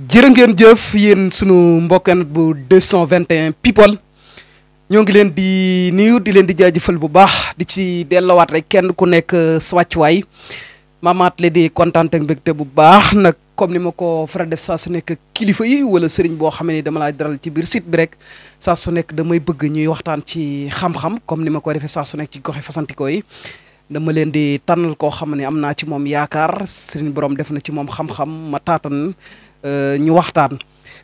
jërë ngeen jëf yéen sunu mbokkan bu 221 people ñoo ngi leen di nuyu di leen di jaajëfal bu baax di ci dellowaat rek kenn ku nekk euh, sa waay maamaat le di kontaan ak mbégte bu baax nag comme ni ma ko faral def saa su nekk kilifa yi wala sëriñ boo xamee ni dama laa daral ci biir site bi rek saa nekk damay bëgg ñuy waxtaan ci xam-xam comme ni ma ko defee saa su nekk ci goxe fasantikoo yi dama leen di tànnal ko xam ni am naa ci moom yaakaar sëriñ borom def na ci moom xam-xam Euh, ñu waxtaan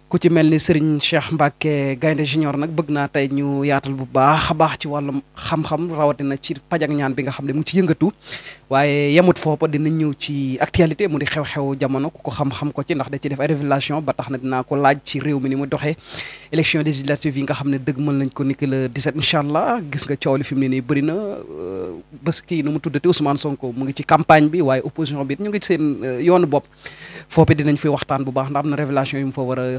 ku ci mel ni Serigne Cheikh Mbacke Gaynde Junior nag bëgg naa tey ñu yaatal bu baax a baax ci wàllum xam-xam rawatina ci paj ñaan bi nga xam ne mu ngi ci yëngatu waaye yemut foofa dina ñëw ci actualité mu di xew-xew jamono ko xam-xam ko ci ndax da ci def ay ba tax na dinaa ko laaj ci réew mi ni mu doxee élection législative yi nga xam ne dëgg mën nañ ko ni ki le 17 allah gis nga coow li fi mu ne nii bëri na euh, bés kii nu mu tuddati Ousmane Sonko mu ngi ci campagne bi waaye opposition bi ñu ngi seen euh, yoonu bopp foofu dinañ fi waxtaan bu baax ndax am na révélation yu mu fa war a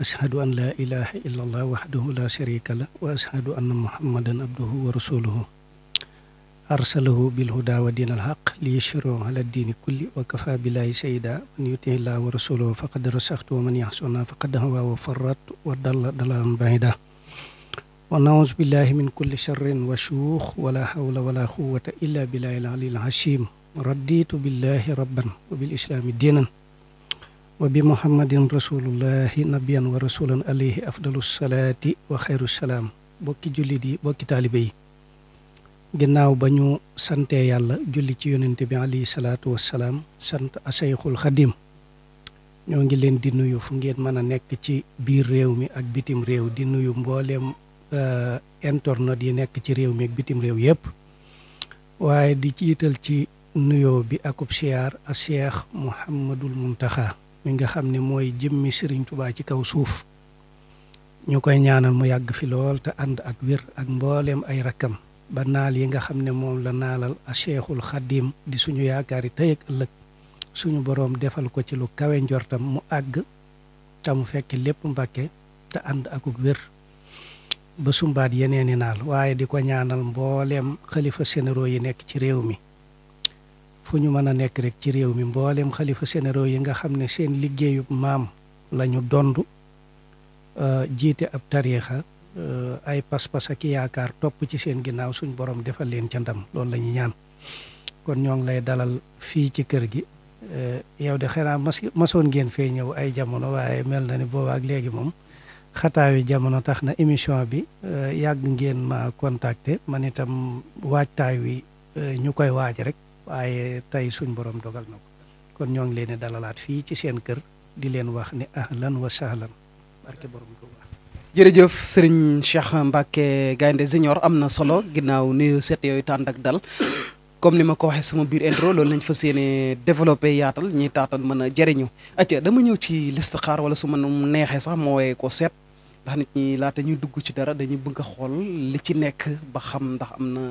ashhadu an laa ilaha illa allah waxdahu la sharika la wa ashhadu anna muhammadan abduhu wa rasuluhu arsalahu bilhuda wa diin alxaq li yashiro ala diini kulli wa kafa billahi sayida man yuti llah wa rasulahu faqad rasaxtu wa man yaxsuna faqad hawa wa farat wa dalla dalalan baida wa naus billahi min kulli sharrin wa shuux wala hawla wala quwata illa billahi al alil azim raditu billahi rabban wa bil islami diinan wa bi muhammadin rasulullahi nabiyan wa rasulan alayhi afdalu salaati salaam bokki jullit yi bokki taalibe yi ginnaaw ba ñu santee yàlla julli ci yonente bi alayhi salaatu wassalaam sant asayxul xadim ñoo ngi leen di nuyu fu ngeen mën a nekk ci biir réew mi ak bitim réew di nuyu mbooleem eh, internet yi nekk ci réew mi ak bitim réew yépp waaye di jiital ci nuyoo bi akub siyaar a muhammadul muntaxa mi nga xam ne mooy jëmmi Serigne Touba ci kaw suuf ñu koy ñaanal mu yàgg fi lool te ànd ak wér ak mbooleem ay rakkam ba naal yi nga xam ne moom la naalal a Cheikhul di suñu yaakaar yi tey ak ëllëg suñu boroom defal ko ci lu kawe njortam mu àgg te mu fekk lépp mbàkke te ànd akuk wér ba sumbaat yeneeni naal waaye di ko ñaanal mbooleem xalifa sénéro yi nekk ci réew mi fu ñu mën a nekk rek ci réew mi mboolem xalifa généraux yi nga xam ne seen liggéeyub maam lañu ñu dond euh, jiite ab tariixa euh, ay pas-pas ak yaakaar topp ci seen ginnaaw suñ borom defal leen ca ndam loolu la ñaan kon ñoo ngi lay dalal fii ci kër gi euh, yow de xanaa mas masoon ngeen fee ñëw ay jamono waaye mel na ni ak léegi moom xataawi jamono tax na émission bi yàgg ngeen ma contacter man itam waajtaay wi ñu koy waaj rek waaye tey suñ borom dogal na ko kon ñoo ngi leen di dalalaat fii ci seen kër di leen wax ne ahlan wa sahlan barke jërëjëf sëriñ Cheikh Mbacke Gaynde Junior am na solo ginnaaw ni set yooyu tànd ak dal comme ni ma ko waxee sama biir intro loolu lañ fas yéene développé yaatal ñuy taatal mën a jëriñu. acca dama ñëw ci listixaar wala su ma neexee sax moo wooyee ko seet ndax nit ñi laata ñuy dugg ci dara dañuy bëgg a xool li ci nekk ba xam ndax am na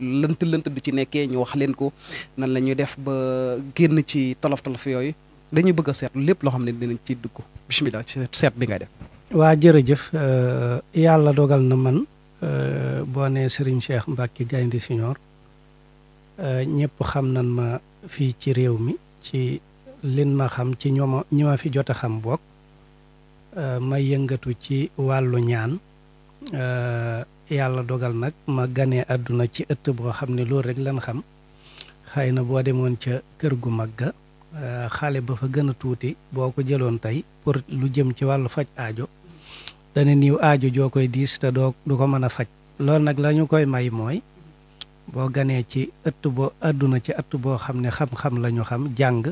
lënt lënt du ci nekkee ñu wax leen ko nan la ñuy def ba génn ci tolof tolof yooyu dañuy bëgg a lépp loo xam ne dinañ ci dugg bisimilah seet bi nga def. waa jërëjëf euh, yàlla dogal na man euh, boo nee Serigne Cheikh Mbacke Gaynde Siñoor euh, ñëpp xam nan ma fii ci réew mi ci lin ma xam ci ñooma ñi ma fi jot a xam boog ma yëngatu ci wàllu ñaan. yàlla dogal nag ma ganee àdduna ci ëtt boo xam ne loolu rek lan xam xëy na boo demoon ca kër gu mag ga eh, xale ba fa gën a tuuti boo ko jëloon tey pour lu jëm ci wàllu faj aajo dana niiw aajo joo koy diis te doo du ko mën a faj loolu nag lañu koy may mooy boo ganee ci ëtt boo àdduna ci ëtt boo xam ne xam-xam la xam jàng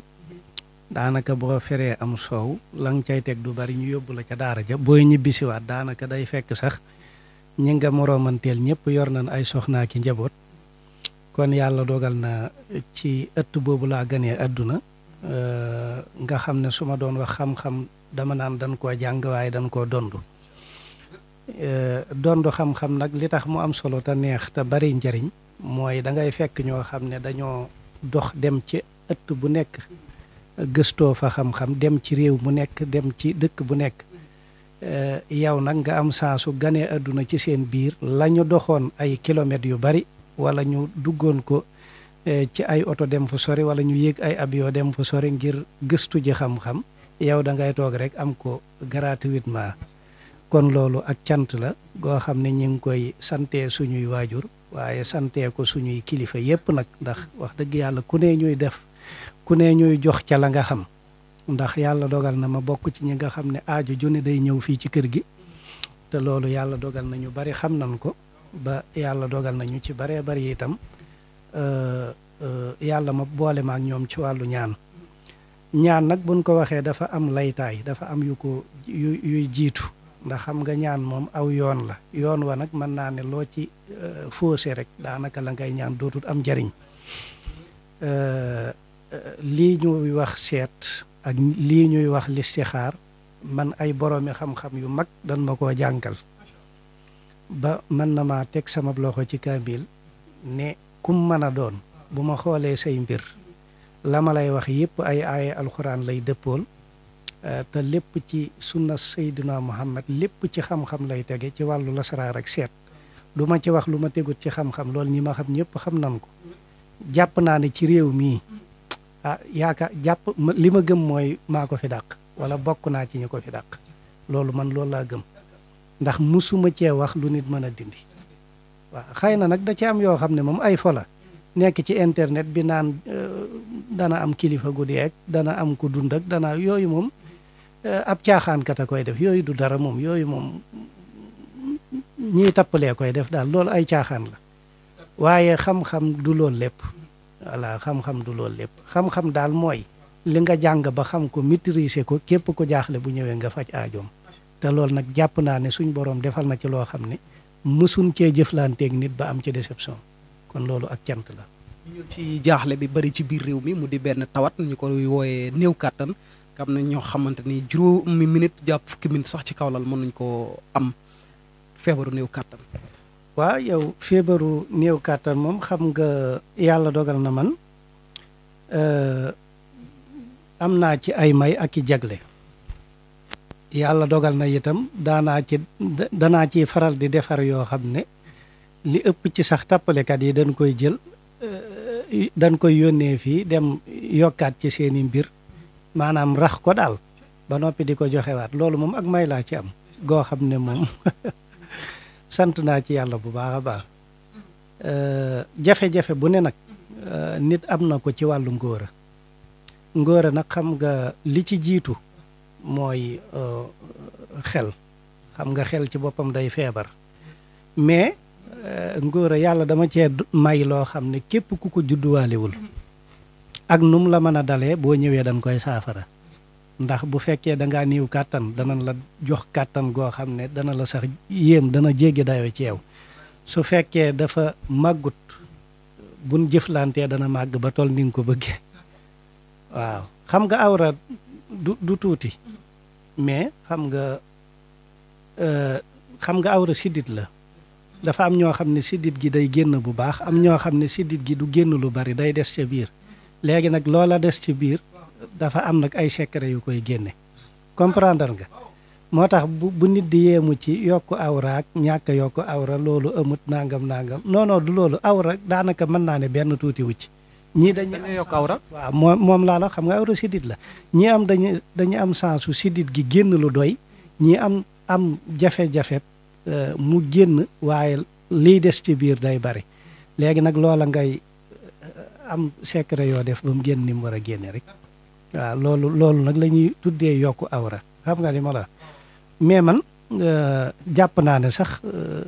daanaka boo feree am soow la nga cay teg du bari ñu yóbbu la ca daara ja booy waat daanaka day fekk sax ñi nga moroomanteel ñëpp yor na ay soxnaa ki njaboot kon yàlla dogal na ci ëtt boobu laa ganee àdduna euh, nga xam ne su ma doon wax xam-xam dama naan dan koo jàng waaye dañ koo dondu euh, dondu xam-xam nag li tax mu am solo te neex te bari njariñ mooy da ngay fekk ñoo xam ne dañoo dox dem ci ëtt bu nekk gëstoo fa xam-xam dem ci réew mu nekk dem ci dëkk bu nekk Eh, yow nag nga am sansu gane adduna ci seen biir lañu doxoon ay kilomètres yu bari wala ñu duggoon ko eh, ci ay oto dem fu sori wala ñu yéeg ay avion dem fu sori ngir gëstu ji xam-xam yow da ngay toog rek am ko gratuitement kon loolu ak cant la goo xam ne ñu ngi koy sante suñuy waajur waaye santee ko suñuy kilifa yépp nag ndax wax dëgg yàlla ku ne ñuy def ku ne ñuy jox ca la nga xam ndax yàlla dogal na ma bokk ci ñi nga xam ne aajo june day ñëw fii ci kër gi te loolu yàlla dogal nañu ñu bari xam nañ ko ba yàlla dogal nañu ñu ci baree bari itam euh, euh, yàlla ma boole ma ak ñoom ci wàllu ñaan ñaan nag buñ ko waxee dafa am laytaay dafa am yu ko yu yuy jiitu ndax xam nga ñaan moom aw yoon la yoon wa nag mën naa ne loo ci euh, faussé rek daanaka la ngay ñaan dootul am njariñ lii ñuy wax seet ak lii ñuy wax listixaar man ay boroomi xam-xam yu mag dan ma koo jànkal ba mën na maa teg sama loxo ci kaabil ne kum mën a doon bu ma xoolee say mbir la ma lay wax yépp ay aaya alxuraan lay dëppool eh, te lépp ci sunna sayduna muhammad lépp ci xam-xam lay tege ci wàllu lasaraar ak seet du ma ci wax lu ma tegut ci xam-xam loolu ñi ma xam ñëpp xam nan ko jàpp naa ne ci réew mii ah yaaka jàpp li ma gëm mooy maa ko fi dàq wala bokk naa ci ñu ko fi dàq loolu man loolu laa gëm ndax musuma cee wax lu nit mën a dindi waaw xëy na nag da ci am yoo xam ne moom ay fola nekk ci internet bi naan euh, dana am kilifa gu dee ak dana am ku dund ak dana yooyu moom euh, ab caaxaankat a koy def yooyu du dara moom yooyu moom ñiy tappalee koy def daal loolu ay caaxaan la waaye xam-xam du loolu lépp voilà xam-xam du loolu lépp xam-xam daal mooy li nga jàng ba xam ko maîtriser ko képp ko jaaxle bu ñëwee nga faj aajoom te loolu nag jàpp naa ne suñ borom defal na ci loo xam ne mësuñ cee jëflanteeg nit ba am ci déception kon loolu ak cant la. ñu ci jaaxle bi bari ci biir réew mi mu di benn tawat ñu ko wooyee néew kàttan am na ñoo xamante ni juróomi minute jàpp fukki minute sax ci kaw lal mën nañ koo am feebaru néew kàttan. waaw yow feebaru néew kàttan moom xam nga yàlla dogal na man euh, am naa ci ay may ak i jagle yàlla dogal na itam danaa ci danaa ciy faral di defar yoo xam ne li ëpp ci sax tappalekat yi dañ koy jël euh, dañ koy yónnee fii dem yokkaat ci seeni mbir maanaam rax ko daal ba noppi di ko joxewaat loolu moom ak may laa ci am goo xam ne moom sant naa ci yàlla bu baax a baax euh, jafe-jafe bu ne nag euh, nit am na ko ci wàllu ngóora ngóora nag xam nga li ci jiitu mooy euh, xel xam nga xel ci boppam day feebar mais ngóora yàlla dama cee may loo xam ne képp ku ko judduwaalewul ak num la mën a dalee boo ñëwee dañ koy saafara ndax bu fekkee da ngaa niiw kàttan danañ la jox kàttan goo xam ne dana la sax yéem dana jéggi dayo ci yow su fekkee dafa màggut buñ jëflantee dana màgg ba toll ni nga ko bëggee waaw xam nga awra du du tuuti mais xam nga euh, xam nga awra siddit la dafa am ñoo xam ne siddit gi day génn bu baax am ñoo xam ne siddit gi du génn lu bari day des ca biir léegi nag loola des ci biir dafa am nag ay secret yu koy génne comprendre nga moo tax bu bu nit di yéemu ci yokk awra ak ñàkk yokk awra loolu amut nangam nangam non du loolu awra daanaka mën naa ne benn tuutiwu ci ñii dañuy yokk awra waaw moom moom laa la xam nga awra sidit la ñii am dañu dañu am sensu sidit gi génn lu doy ñii am am jafe-jafe euh, mu génn waaye liy des ci biir day bari léegi nag loola ngay euh, am secret yoo def ba mu génn ni mu war a génne rek waaw loolu loolu nag lañuy tuddee yokk awra xam nga li ma la mais man euh, jàpp naa ne sax euh,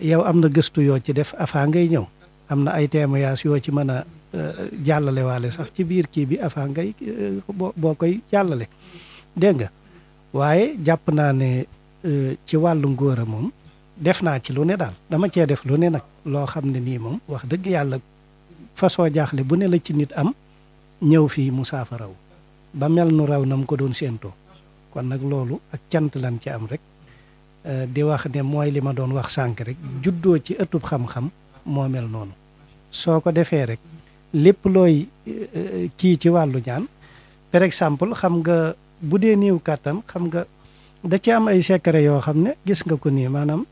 yow am na gëstu yoo ci def avant ngay ñëw am na ay témoignages yoo ci mën a euh, jàllale waale sax ci biir kii bi avant ngay boo koy jàllale dégg nga waaye jàpp naa ne ci wàllu ngóor a moom def naa ci lu ne daal dama cee def lu ne nag loo xam ne nii moom wax dëgg yàlla façon jaxle bu ne la ci nit am ñëw fii mu saafaraw ba mel nu raw na mu ko doon séentoo kon nag loolu ak cant lan ci am rek eh, di wax ne mooy li ma doon wax sànq rek juddoo ci ëttub xam-xam moo mel noonu soo ko defee rek lépp looy eh, kii ci wàllu ñaan par exemple xam nga bu dee néew kàttan xam nga da ci am ay secret yoo xam ne gis nga ko nii maanaam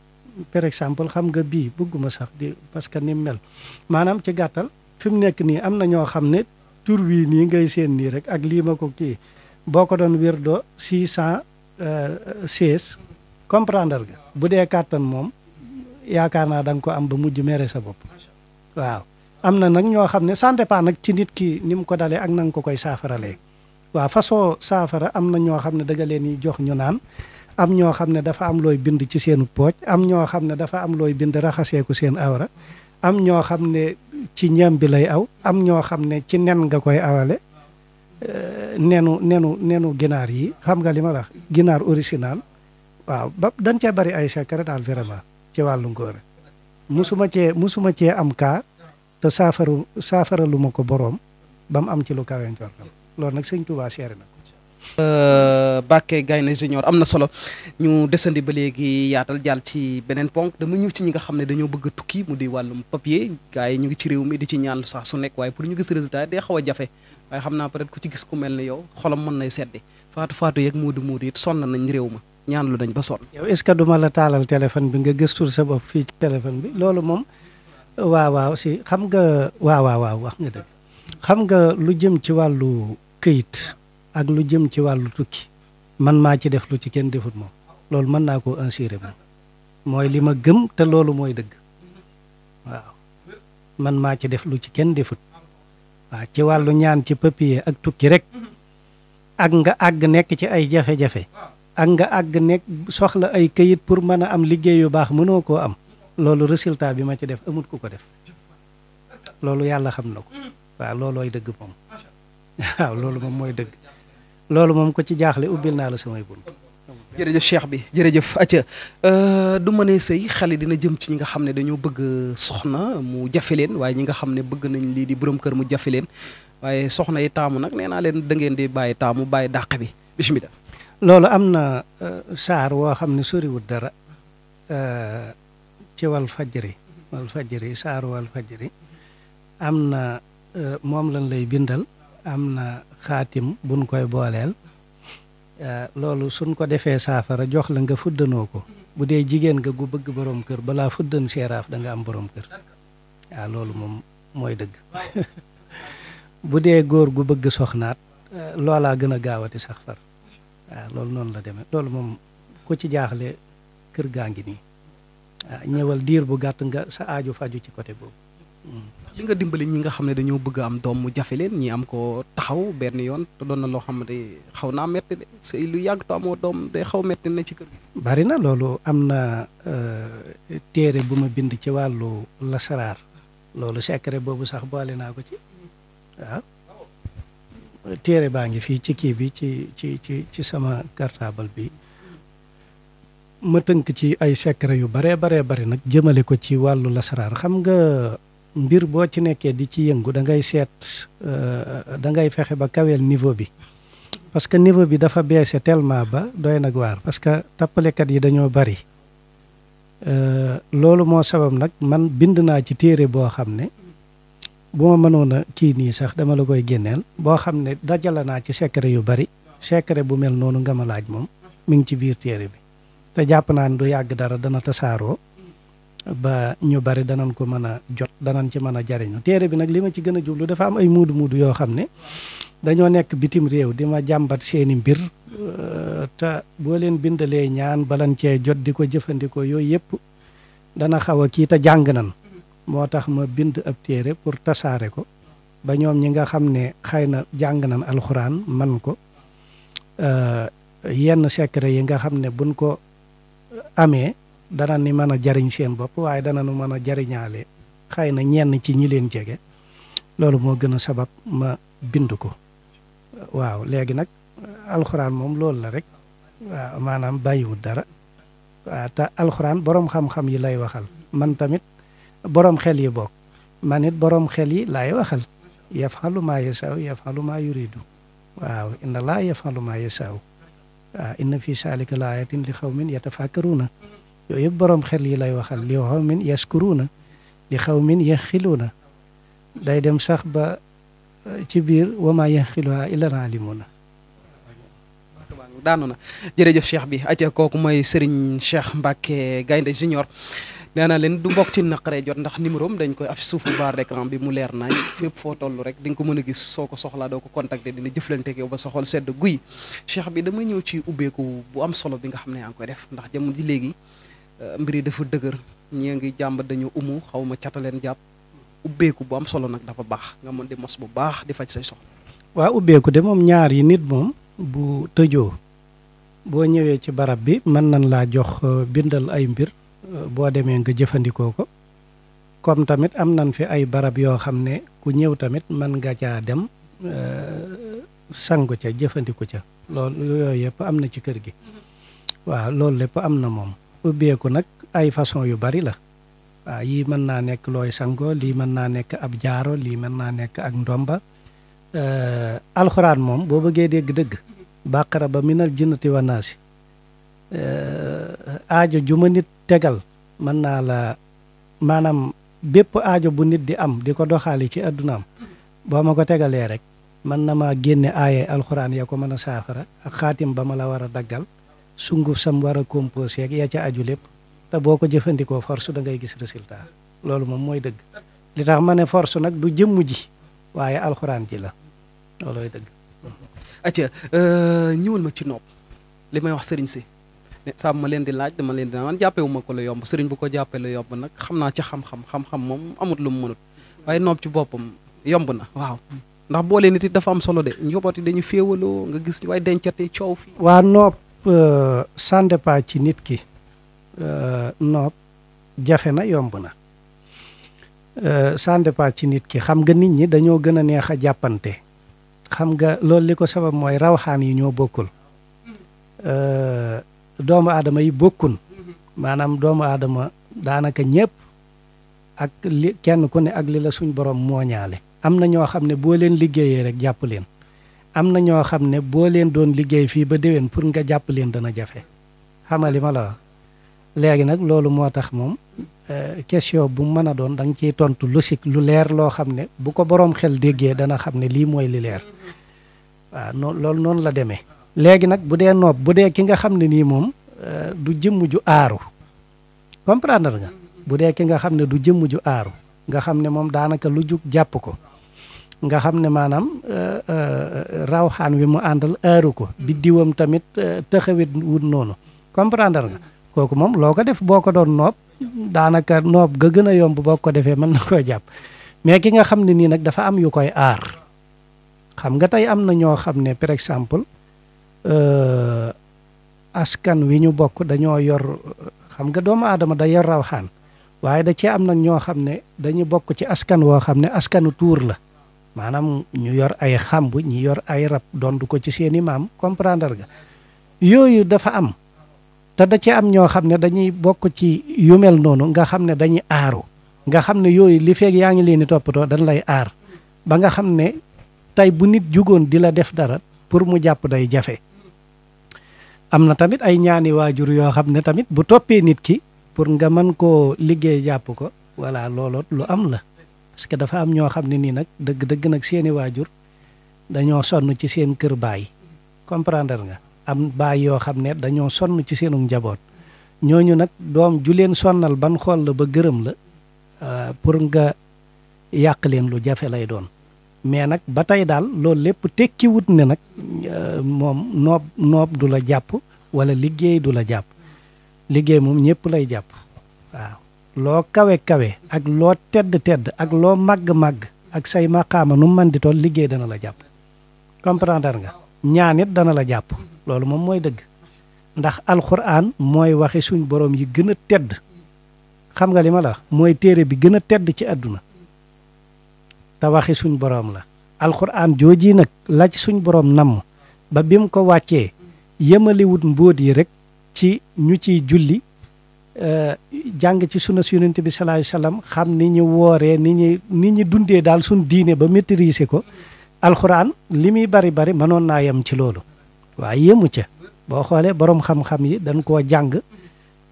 par exemple xam nga bii bëgguma sax di parce que ni mel maanaam ci gàttal fi mu nekk nii am na ñoo xam ne tur bii nii ngay seen nii rek ak lii ma ko kii boo ko doon doo six cent seize euh, comprendre ga bu dee kàttan moom yaakaar naa da nga ko am ba mujj mere sa bopp waaw am na nag ñoo xam ne ça dépend nag ci nit ki ni mu ko dalee ak na nga ko koy saafaralee waaw façon saafara am na ñoo xam ne da nga leen jox ñu naan am ñoo xam ne dafa am looy bind ci seen pooj am ñoo xam ne dafa am looy bind raxaseeku seen awra am ñoo xam ne ci ñam bi lay aw am ñoo xam ne ci nen nga koy awale euh, nenu nenu nenu ginaar yi xam nga li ma la wax ginaar original waaw ba dañ cee bari ay secret daal vraiment ci wàllu ngóor musuma cee musuma cee am kaa te saafaru saafara ko borom ba mu am ci lu kawe njortam loolu nag sëñ Touba seere na Euh, Bàkke Gaynde Junior am na solo ñu desandi ba léegi yaatal jaal ci beneen ponk dama ñëw ci ñi nga xam ne dañoo bëgg a tukki mu di wàllum papier gars yi ñu ngi ci réew mi di ci ñaan sax su nekk waaye pour ñu gis résultat day xaw a jafe waaye xam naa peut-être ku ci gis ku mel ne yow xolam mën nay seddi faatu faatu yeeg moodu moodu it sonn nañ réew ma ñaan lu nañ ba sonn. yow est-ce que duma la taalal téléphone bi nga gëstul sa bopp fii ci téléphone bi loolu moom waa waaw si xam nga waaw wax nga dëgg xam nga lu jëm ci wàllu këyit ak lu jëm ci wàllu tukki man maa ci def lu ci kenn defut moom loolu mën naa koo assuré moom mooy li ma gëm te loolu mooy dëgg waaw man maa ci def lu ci kenn defut waaw ci wàllu ñaan ci papier ak tukki rek ak nga àgg nekk ci ay jafe-jafe ak nga àgg nekk soxla ay këyit pour mën a am liggéey yu baax mënoo koo am loolu résultat bi ma ci def amut ku ko def loolu yàlla xam na ko mm-hmm. waaw loolooy dëgg moom waaw loolu moom mooy dëgg loolu moom ko ci jaaxle ubbil naa la samay bunt jërëjëf cheikh bi jërëjëf acca euh, du ma ne sëy xale dina jëm ci ñi nga xam ne dañoo bëgg soxna mu jafe leen waaye ñi nga xam ne bëgg nañ lii di borom kër mu jafe leen waaye soxna yi taamu nag nee naa leen da ngeen di bàyyi taamu bàyyi dàq bi bisimilah. loolu am na euh, saar woo xam ne soriwul dara euh, ci wal fajri wal fajri saar wal fajri am na moom lañ lay bindal am na xaatim buñ koy booleel euh, loolu suñ ko defee saafara jox la nga fuddanoo ko bu dee jigéen nga gu bëgg borom kër balaa fuddan seeraaf da nga am boroom kër waaw loolu moom mooy dëgg bu dee góor gu bëgg soxnaat euh, loolaa gën a gaawati sax far waaw loolu noonu la demee loolu moom ku ci jaaxle kër gaa ngi nii waaw ñëwal diir bu gàtt nga sa aaju faju ci côté boobu li nga dimbali ñi nga xam ne dañoo bëgg am doom mu jafe leen ñi am ko taxaw benn yoon te doon na loo xam ne xaw naa metti de sëy lu yàgg te amoo doom day xaw metti na ci kër bari na loolu am na euh, téere bu ma bind ci wàllu lasaraar loolu secret boobu sax boole naa ko ci waaw. téere baa ngi fii ci kii bi ci ci ci ci sama cartable bi ma tënk ci ay secret yu baree baree bari nag jëmale ko ci wàllu lasaraar xam nga. mbir boo ci nekkee di ci yëngu da ngay seet euh, da ngay fexe ba kaweel niveau bi parce que niveau bi dafa beese tellement ba doy nag waar parce que tappalekat yi dañoo bari euh, loolu moo sabab nag man bind naa ci téere boo xam ne bu ma mënoon a kii nii sax dama la koy génneel boo xam ne dajale naa ci secret yu bari secret bu mel noonu nga ma laaj moom mi ngi ci biir téere bi te jàpp naa ne du yàgg dara dana tasaaroo ba ñu bari danañ ko mën a jot danañ ci mën a jariñu téere bi nag li ma ci gën a jublu dafa am ay muudu muudu yoo xam ne dañoo nekk bitim réew di ma jàmbat seeni mbir euh, te boo leen bindalee ñaan balan cee jot di ko jëfandikoo yooyu yëpp dana xaw a kii te jàng nan moo tax ma bind ab téere pour tasaare ko ba ñoom ñi nga xam ne xëy na jàng nan alxuraan man ko euh, yenn secret yi nga xam ne buñ ko amee dana ni mën a jariñ seen bopp waaye dana nu mën a jariñaale xëy na ñenn ci ñi leen jege loolu moo gën a sabab ma bind ko waaw léegi nag alxuraan moom loolu la rek waaw maanaam bàyyiwul dara waaw te alxuraan borom xam-xam yi lay waxal man tamit boroom xel yi bokk man it boroom xel yi laay waxal yafalu maa yasaw yafalu maa yuridu waaw inna laa yafalu maa yasaw waaw inna fii saalika laayatin li xawmin yatafakkaruuna yooyu yëpp boroom xel yi lay waxal li xaw min yaskuruuna li xaw min yaxiluuna day dem sax ba eh, ci biir wama yaxiluha illal aalimuuna daanu na jërëjëf cheikh bi aca kooku mooy Serigne Cheikh Mbacke Gaynde Junior nee naa leen du mbokk ci naqaree jot ndax numéro am dañ koy af suufu barre d'écran bi mu leer nañ fépp foo toll rek di nga ko mën a gis soo ko soxlaa doo ko contacter dina jëflanteeg yow ba sa sedd guy cheikh bi damay ñëw ci ubbeeku bu am solo bi nga xam ne yaa ngi koy def ndax jamono ji léegi Euh, mbir yi dafa dëgër ñii ngi jàmbat dañu umu xaw ma cataleen jàpp ubbeeku bu am solo nag dafa baax nga mën di mos bu baax di faj say soxla. waa ubbeeku de moom ñaar yi nit moom bu tëjoo boo ñëwee ci barab bi man nañ laa jox euh, bindal ay mbir euh, boo demee nga jëfandikoo ko comme tamit am nañ fi ay barab yoo xam ne ku ñëw tamit mën nga caa dem sangu ca jëfandiku ca loolu yooyu yëpp am na ci kër gi mm-hmm. waaw loolu lépp am na moom ubbeeku nag ay façon yu bari la waaw yii mën naa nekk looy sango lii mën naa nekk ab jaaro lii mën naa nekk ak ndomba alxuraan moom boo bëggee dégg dëgg bàqara ba minal jinnati wa naasi aajo ju ma nit tegal mën naa la maanaam bépp aajo bu nit di am di ko doxaali ci addunaam boo ma ko tegalee rek mën na maa génne aaye alxuraan ya ko mën a saafara ak xaatim ba ma la war a daggal sunguf sam war a composé ak yaa ca aju lépp te boo ko jëfandikoo force da gis résultat loolu moom mooy dëgg li tax ma ne force nag du jëmm ji waaye alxuraan ji la loolooy dëgg. acca euh, ñëwal ma ci nopp li may wax sëriñ si saa ma leen di laaj dama leen di naan jàppee wu ma ko la yomb sëriñ bu ko jàppee la yomb nag xam naa ci xam-xam xam-xam moom amut lu mu mënut waaye nopp ci boppam yomb na waaw. ndax boole nit it dafa solo de njaboot yi dañu féewaloo nga gis ça euh, dépend ci nit ki euh, noob jafe na yomb na ça euh, dépend ci nit ki xam nga nit ñi dañoo gën a neex a jàppante xam nga loolu li ko sabab mooy rawxaan yi ñoo bokkul doomu adama yi bokkun maanaam doomu aadama daanaka ñëpp ak li kenn ku ne ak li la suñ borom mooñaale am na ñoo xam ne boo leen liggéeyee rek jàpp leen am na ñoo xam ne boo leen doon liggéey fii ba déwén pour nga jàpp leen dana jafe xamali ma la wax léegi nag loolu moo tax moom euh, question bu mën a doon da nga tontu lu sik lu leer loo xam ne bu ko boroom xel déggee dana xam ne lii mooy li leer waaw loolu noonu la demee léegi nag bu dee noob bu dee ki nga xam ne nii moom euh, du jëmm ju aaru comprendre nga bu dee ki nga xam ne du jëmm ju aaru nga xam ne moom daanaka lu jug jàpp ko nga xam ne maanaam euh, euh, rawxaan wi mu àndal aaru ko biddiwam tamit euh, tëxawit wut noonu comprendre nga kooku moom loo ko def boo ko doon noob daanaka noob nga gën a yomb boo ko defee man na koo jàpp mais ki nga xam ne nii nag dafa am yu koy aar xam nga tey am na ñoo xam ne par exemple askan wi ñu bokk dañoo yor xam nga doomu aadama da yor rawxaan waaye da cee am nag ñoo xam ne dañu bokk ci askan woo xam ne askanu tuur la maanaam ñu yor ay xàmb ñu yor ay rab dondu ko ci seeni maam comprendre nga yooyu dafa am te da ci am ñoo xam ne dañuy bokk ci yu noonu nga xam ne dañuy aaru nga xam ne yooyu li feeg yaa ngi leen di toppatoo dañ lay aar ba nga xam ne tey bu nit jugoon di la def dara pour mu jàpp day jafe am na tamit ay ñaani waajur yoo xam ne tamit bu toppee nit ki pour nga mën koo liggéey jàpp ko voilà looloo lu am la parce que dafa am ñoo xam ne nii nag dëgg dëgg nag seeni waajur dañoo sonn ci seen kër baay comprendre nga am baay yoo xam ne dañoo sonn ci seenu njaboot ñooñu nag doom ju leen sonnal ban xool la ba gërëm la euh, pour nga yàq leen lu jafe lay doon mais nag ba tey daal loolu lépp tekki wut ne nag euh, moom noob noob du la jàpp wala liggéey du la jàpp liggéey moom ñëpp lay jàpp waaw loo kawe-kawe ak loo tedd-tedd ak loo màgg-màgg ak say maqaama nu man di toll liggéey dana la jàpp comprendre nga ñaan it dana la jàpp loolu moom mooy dëgg ndax alxuraan mooy waxe suñ boroom yi gën a tedd xam nga li ma la mooy téere bi gën a tedd ci àdduna te waxe suñ boroom la alxuraan jooji nag la ci suñ borom namm ba bi mu ko wàccee yëmaliwut mbóot yi rek ci ñu ciy julli jàng ci sunna si yonent bi salaay salaam xam ni ñu wooree ni ñuy ni ñu dundee daal suñ diine ba maîtriser ko alxuraan li muy bari bari mënoon naa yem ci loolu waaye yemu ca boo xoolee borom xam-xam yi dañ koo jàng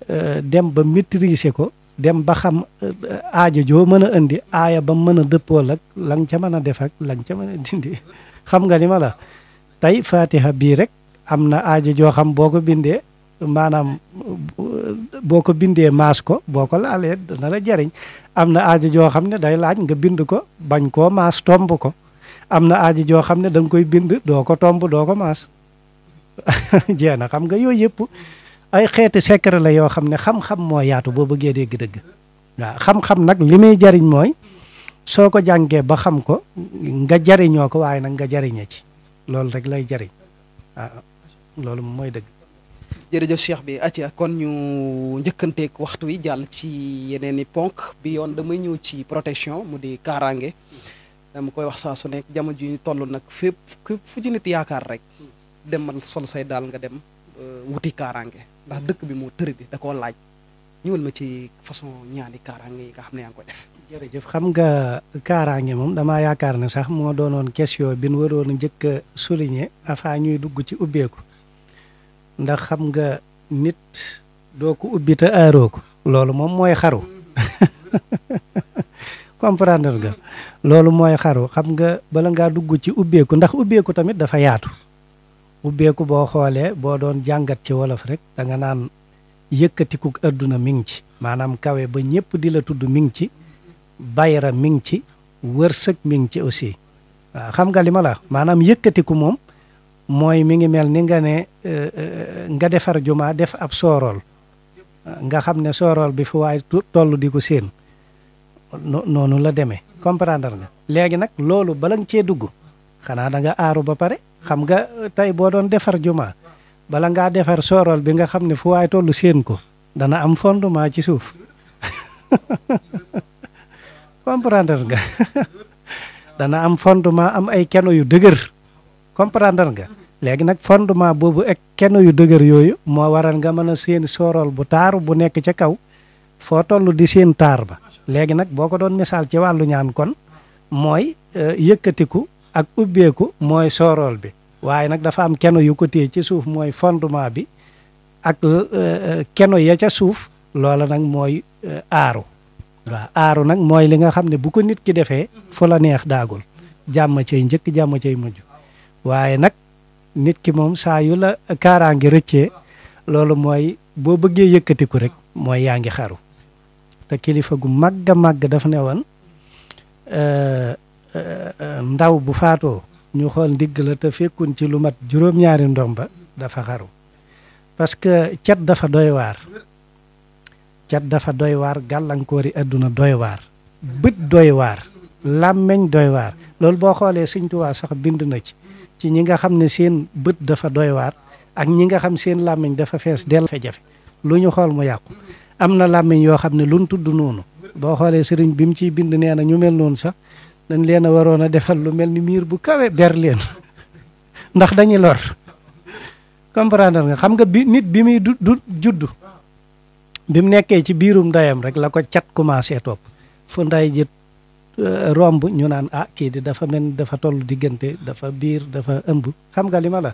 euh, dem ba maîtriser ko dem ba xam euh, aajo joo mën a indi aaya ba mën a dëppool ak la nga ca mën a def ak la a dindi xam nga ni ma la tey fatiha bii rek am na aajo joo xam boo ko bindee maanaam boo ko bindee maas ko boo ko laalee dana la jariñ am na aajo joo xam ne day laaj nga bind ko bañ koo maas tomb ko am na aajo joo xam ne da koy bind doo ko tomb doo ko maas jeex na xam nga yooyu yëpp ay xeeti secret la yoo xam ne xam-xam moo yaatu boo bëggee dégg dëgg waaw xam-xam nag li muy jariñ mooy soo ko jàngee ba xam ko nga jariñoo ko waaye nag nga jariñe ci loolu rek lay jariñ waaw loolu mooy dëgg jërëjëf Cheikh bi atia kon ñu njëkkanteeg waxtu wi jàll ci yeneen i ponk bi yoon damay ñëw ci protection mu di kaaraange dama koy wax saa su nekk jamono ji ñu toll nag fépp fu ci nit yaakaar rek demal sol say daal nga dem euh, wuti kaaraange ndax dëkk bi moo tëri bi da koo laaj ñëwal ma ci façon ñaani kaaraange yi nga xam ne yaa ngi ko def. xam nga kaaraange moom damaa yaakaar ne sax moo doonoon question bi nu waroon a njëkk a souligner ñuy dugg ci ubbeeku. ndax xam nga nit doo ko ubbi te loolu moom mooy xaru comprendre nga loolu mooy xaru xam nga bala ngaa dugg ci ubbeeku ndax ubbeeku tamit dafa yaatu ubbeeku boo xoolee boo doon jàngat ci wolof rek da nga naan yëkkatiku adduna mi ngi ci maanaam kawe ba ñëpp di la tudd mi ngi ci bayra mi ngi ci wërsëg mi ngi ci aussi xam nga li ma la maanaam yëkkatiku moom mooy mi ngi mel ni nga ne eh, eh, nga defar juma def ab soorool nga xam ne soorool bi fu waay toll di ko séen noonu la demee comprendre nga léegi nag loolu bala nga cee dugg xanaa da nga aaru ba pare xam nga eh, tey boo doon defar juma bala ngaa defar soorool bi nga xam ne fu waay toll séen ko dana am fondement ci suuf comprendre nga dana am fondement am ay keno yu dëgër comprendre nga léegi nag fondement boobu ek kenn yu dëgër yooyu moo waral nga mën a seen sorol bu taaru bu nekk ca kaw foo toll di seen taar ba léegi nag boo ko doon misaal ci wàllu ñaan kon mooy euh, yëkkatiku ak ubbeeku mooy sorol bi waaye nag dafa am keno yu ko téye ci suuf mooy fondement bi ak euh, euh, keno ya ca suuf loola nag mooy aaru waaw aaru nag mooy li nga xam ne bu ko nit ki defee fu la neex daagul jàmm cay njëkk jàmm cay mujj waaye nag nit ki moom saa yu la kaaraange rëccee loolu mooy boo bëggee yëkkatiku rek mooy yaa ngi xaru te kilifa gu màgg a màgg dafa ne woon euh, euh, euh, ndaw bu faatoo ñu xool ndigg la te fekkun ci lu mat juróom-ñaari ndomba dafa xaru parce que cat dafa doy waar cat dafa doy waar gàllankoori adduna doy waar bët doy waar làmmeñ doy waar loolu boo xoolee Sëñ waa sax bind na ci ci ñi nga xam ne seen bët dafa doy waar ak ñi nga xam seen làmmiñ dafa fees del fe jafe lu ñu xool mu yàqu am na làmmiñ yoo xam ne luñ tudd noonu boo xoolee sëriñ bi mu ciy bind nee na ñu mel noonu sax dañ leen a waroon a defal lu mel ni miir bu kawe ber leen ndax dañuy lor comprendre nga xam nga bi nit bi muy du du judd bi mu nekkee ci biirum ndeyam rek la ko cat commencé topp fu nday ji Euh, romb ñu naan ah kii di dafa mel dafa toll diggante dafa biir dafa ëmb xam nga li ma la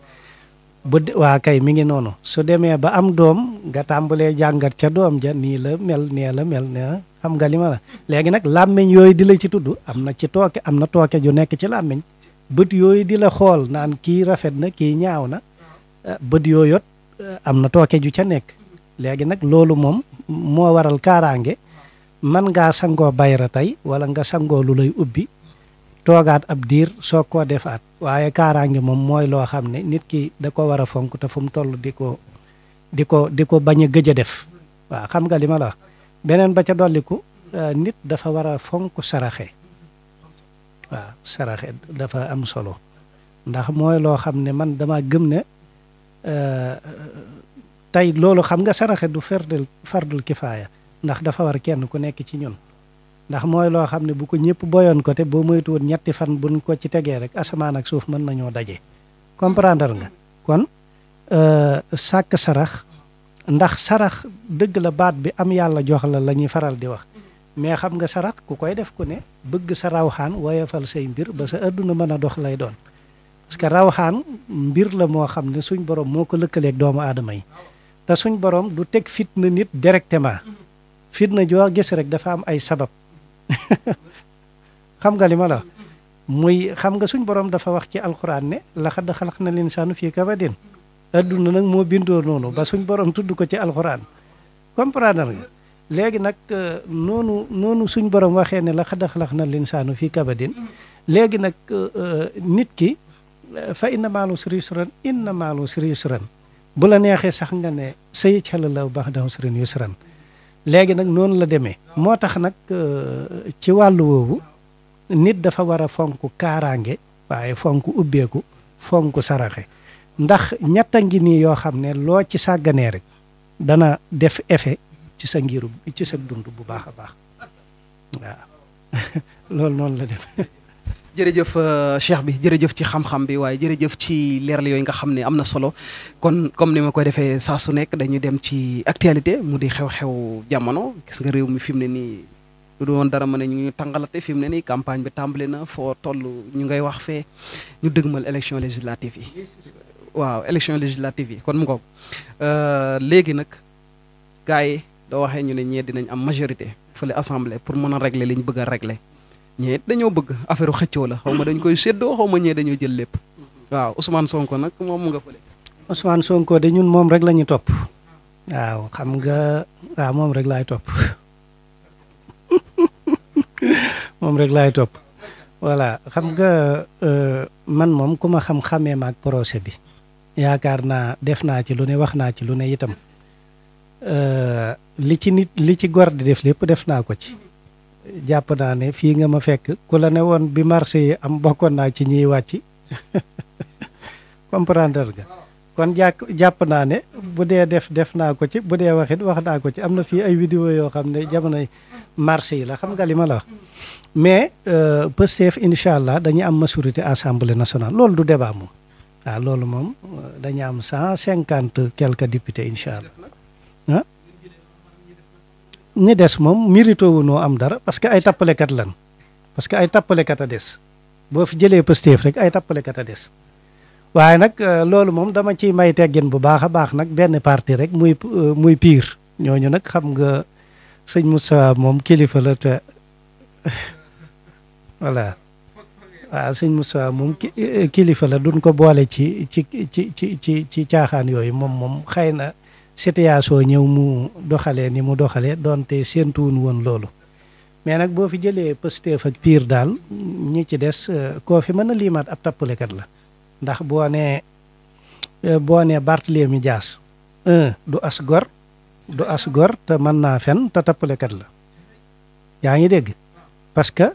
waa kay mi ngi noonu su demee ba am doom nga tàmbalee jàngat ca doom ja nii la mel nee la mel na xam nga li ma léegi nag làmmiñ yooyu di la ci tudd am na ci tooke am na tooke ju nekk ci làmmiñ bët yooyu di la xool naan kii rafet na kii ñaaw na euh, bët yooyu yot euh, am na tooke ju ca nekk léegi nag loolu moom moo waral kaaraange man ngaa sangoo bayra tey wala nga sangoo lu lay ubbi toogaat ab diir soo koo defaat waaye kaaraange moom mooy loo xam ne nit ki da ko war a fonk te fu mu toll di ko di ko di ko bañ a gëj a def waaw xam nga li ma la beneen ba ca dolliku euh, nit dafa war a fonk saraxe waaw saraxe dafa am solo ndax mooy loo xam ne man dama gëm ne euh, tey loolu xam nga saraxe du fardul fardul kifaaya ndax dafa war kenn ku nekk ci ñun ndax mooy loo xam ne bu ko ñëpp boyoon ko te boo moytuwoon ñetti fan buñ ko ci tegee rek asamaan ak suuf mën nañoo daje comprendre nga kon euh, sàkk sarax ndax sarax dëgg la baat bi am yàlla jox la la ñuy faral di wax mais xam nga sarax ku koy def ku ne bëgg sa rawxaan woyofal say mbir ba sa adduna mën a dox lay doon parce que rawxaan mbir la moo xam ne suñ borom moo ko lëkkaleeg doomu aadama yi te suñ borom du teg na joo gis rek dafa am ay sabab xam nga li ma xam nga suñ borom dafa wax ci alxuraan ne laxad xalaq na linsaanu fii kabadin adduna nag moo bindoo noonu ba suñ borom tudd ko ci alxuraan comprendre léegi nag euh, noonu noonu suñ borom waxee ne laxad xalaq na linsaanu fii kabadin léegi nag euh, euh, nit ki fa inna maal usri yusran inna maal usri yusran bu la neexee sax nga ne sayaj'alu llaahu ba'da usrin yusran léegi nag noonu la demee moo tax nag euh, ci wàllu woowu nit dafa war a fonk kaaraange waaye fonk ubbeeku fonk saraxe ndax ñett a ngi nii yoo xam ne loo ci sàgganee rek dana def effet ci sa ngiru ci sa dund bu baax a baax loolu noonu la demee jërëjëf euh, cheikh bi jërëjëf ci xam-xam bi waaye jërëjëf ci leeral yooyu nga xam ne am na solo kon comme ni ma koy defee saa su nekk dañuy dem ci actualité mu di xew-xew jamono gis nga réew mi fi mu ne nii lu doon dara ma ne ñu ngi tàngalate fi mu ne nii campagne bi tàmbali na foo tollu ñu ngay wax fee ñu dëgmal élection législative yi waaw élection législative yi kon mu ko euh, léegi nag gars yi doo waxee ñu ne ñee dinañ am majorité fële assemblée pour mën a régler li ñu bëgg a régler ñee dañoo bëgg affaire xëccoo la xaw ma dañ koy séddoo xaw ma ñee dañoo jël lépp waaw Ousmane Sonko nag moom nga fële. Sonko de ñun moom rek la ñu topp waaw xam nga moom rek laay topp moom rek laay topp voilà xam nga euh, man moom ku xam xamee ma ak procès bi yaakaar naa def naa ci lu ne wax naa ci lu ne itam euh, li ci nit li ci gor di def lépp def naa ko ci jàpp naa ne fii nga ma fekk ku la ne woon bi marché yi am bokkoon naa ci ñiy wàcc comprendre nga kon jàkk jàpp naa ne bu dee def def naa ko ci bu dee waxit wax naa ko ci am na fii ay vidéo yoo xam ne jamonoy marché yi la xam nga li ma la wax mais euh, Pastef incha allah dañuy am majorité assemblée national loolu du débat moom waaw ah, loolu moom euh, dañu am cent cinquante quelque députés incha allah ñi des moom mérito wu noo am dara parce que ay tappalekat lan parce que ay tappalekat a des boo fi jëlee Pastef rek ay tappalekat a des waaye nag euh, loolu moom dama ciy may teggin bu baax a baax nag benn parti rek muy euh, muy piir ñooñu nag xam nga sëñ Moussa moom kilifa la te voilà waaw sëñ Moussa moom euh, kilifa la duñ ko boole ci ci ci ci ci ci caaxaan yooyu moom moom xëy na situation ñëw mu doxalee ni mu doxalee donte séentuwuñ woon loolu mais nag boo fi jëlee Pastef ak piir daal ñi ci des euh, koo fi mën a liimaat ab tappalekat la ndax boo nee euh, boo nee Barthélemy Dias un du as gor du as gor te mën naa fen te tappalekat la yaa ngi dégg parce que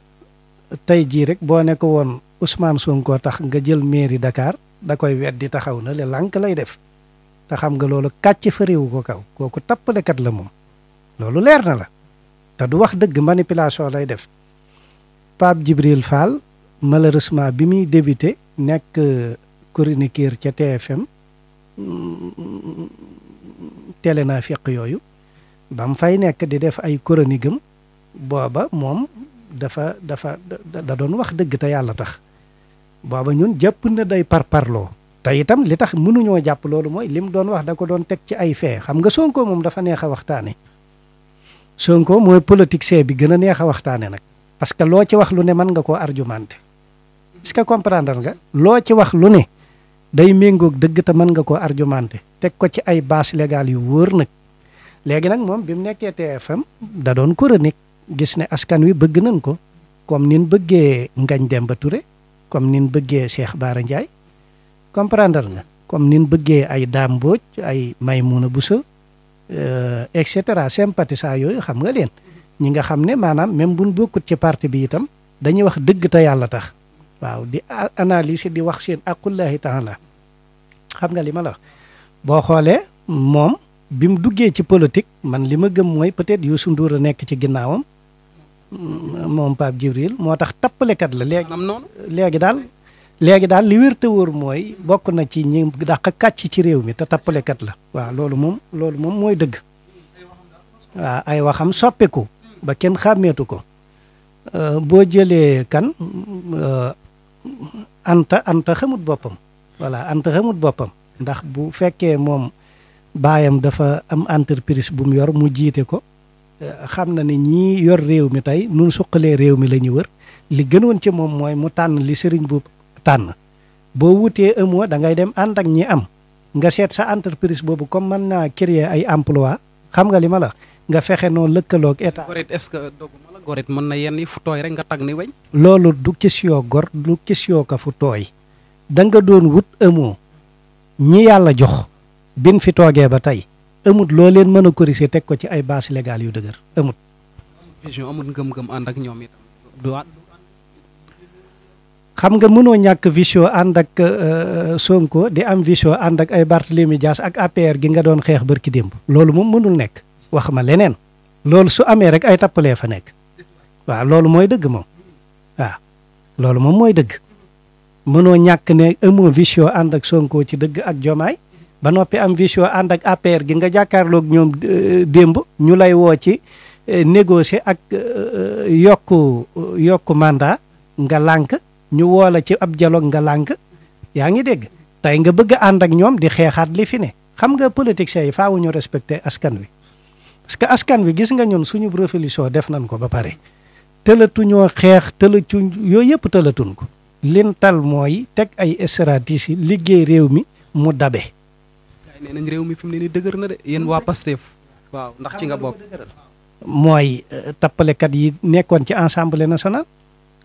tey jii rek boo ne ko woon Ousmane Sonko tax nga jël mairie dakaar da koy di taxaw na lank lay def te xam nga loolu kàcc fa réewu ko kaw kooku tappalekat la moom loolu leer na la te du wax dëgg manipulation lay def Pape Djibril Fall malheureusement bi muy débuté nekk euh, chroniqueur ca TFM tele naa feq yooyu ba mu fay nekk di def ay chronique am booba moom dafa dafa da doon wax dëgg te yàlla tax booba ñun jëpp na day par parloo te itam li tax mënuñoo jàpp loolu mooy lim doon wax da ko doon teg ci ay fee xam nga Sonko moom dafa neex a waxtaane Sonko mooy politicien bi gën a neex a waxtaane nag parce que loo ci wax lu ne mën nga koo argumenté est comprendre nga loo ci wax lu ne day méngoog dëgg te mën nga koo argumenté teg ko ci ay base légale yu wóor nag léegi nag moom bi mu nekkee TFM da doon chronique gis ne askan wi bëgg nañ ko comme nin bëggee Ngagne Demba Touré comme nin bëggee Cheikh baara Ndiaye comprendre nga comme nin bëggee ay daam Mbodj ay may Maimouna Bousso euh, et cetera sympathisant yooyu xam nga leen ñi nga xam ne maanaam même buñ bokkut ci parti bi itam dañuy wax dëgg te yàlla tax waaw di analyser di wax seen ak aqullahi la xam nga li ma la boo xoolee moom bi mu duggee ci politique man li ma gëm mooy peut-être Youssou a nekk ci ginnaawam mm, moom Pape Djibril moo tax tappalekat la léegi léegi daal léegi daal li wér te wóor mooy bokk na ci ñi dàq kàcc ci réew mi te tappalekat la waaw loolu moom loolu moom mooy dëgg waaw ay waxam soppeeku ba kenn xàmmeetu ko euh, boo jëlee kan euh, anta anta xamut boppam voilà anta boppam ndax bu fekkee moom baayam dafa am entreprise bu mu yor mu jiite ko euh, xam na ne ñii yor réew mi tey nun suqalee réew mi la ñu wër li gënoon ci moom mooy mu tànn li sëriñ buub tànn boo wutee amoo da ngay dem ànd ak ñi am nga seet sa entreprise boobu comme mën naa créer ay emplois xam nga li ma la nga fexe noo lëkkaloog état. goret est-ce que dogu ma la mën na yenn fu tooy rek nga tag ni weñ. loolu du question gor du question ka fu tooy da nga doon wut amoo ñi yàlla jox bin fi toogee ba tey ëmut loo leen mën a corriger teg ko ci ay bases légales yu dëgër amut. vision amut ànd ak ñoom xam nga mënoo ñàkk vision ànd ak euh, Sonko di am vision ànd ak ay Barthélemy Dias ak APR gi nga doon xeex bërki démb loolu moom mënul nekk wax ma leneen loolu su amee rek ay tappalee fa nekk waaw loolu mooy dëgg moom waaw loolu moom mooy dëgg mënoo ñàkk ne amoo vision ànd ak Sonko ci dëgg ak Jomaay ba noppi am vision ànd ak APR gi nga jàkkaarlook ñoom euh, démb ñu lay woo ci euh, négocier ak yokku yokku mandat nga lànk ñu woola ci ab dialogue nga lànk yaa ngi dégg tey nga bëgg ànd ak ñoom di xeexaat li fi ne xam nga politiciens yi faawu ñu respecté askan wi parce que askan wi gis nga ñun suñu révolution def nañ ko ba pare tëlatuñoo xeex tëlatuñ yooyu yëpp tëlatuñ ko lin tal mooy teg ay stratégie liggéey réew mi mu dabe nee nañ réew mi fi mu ne dëgër na yéen waa Pastef waaw ndax ci nga bokk mooy euh, tappalekat yi nekkoon ci assemblée nationale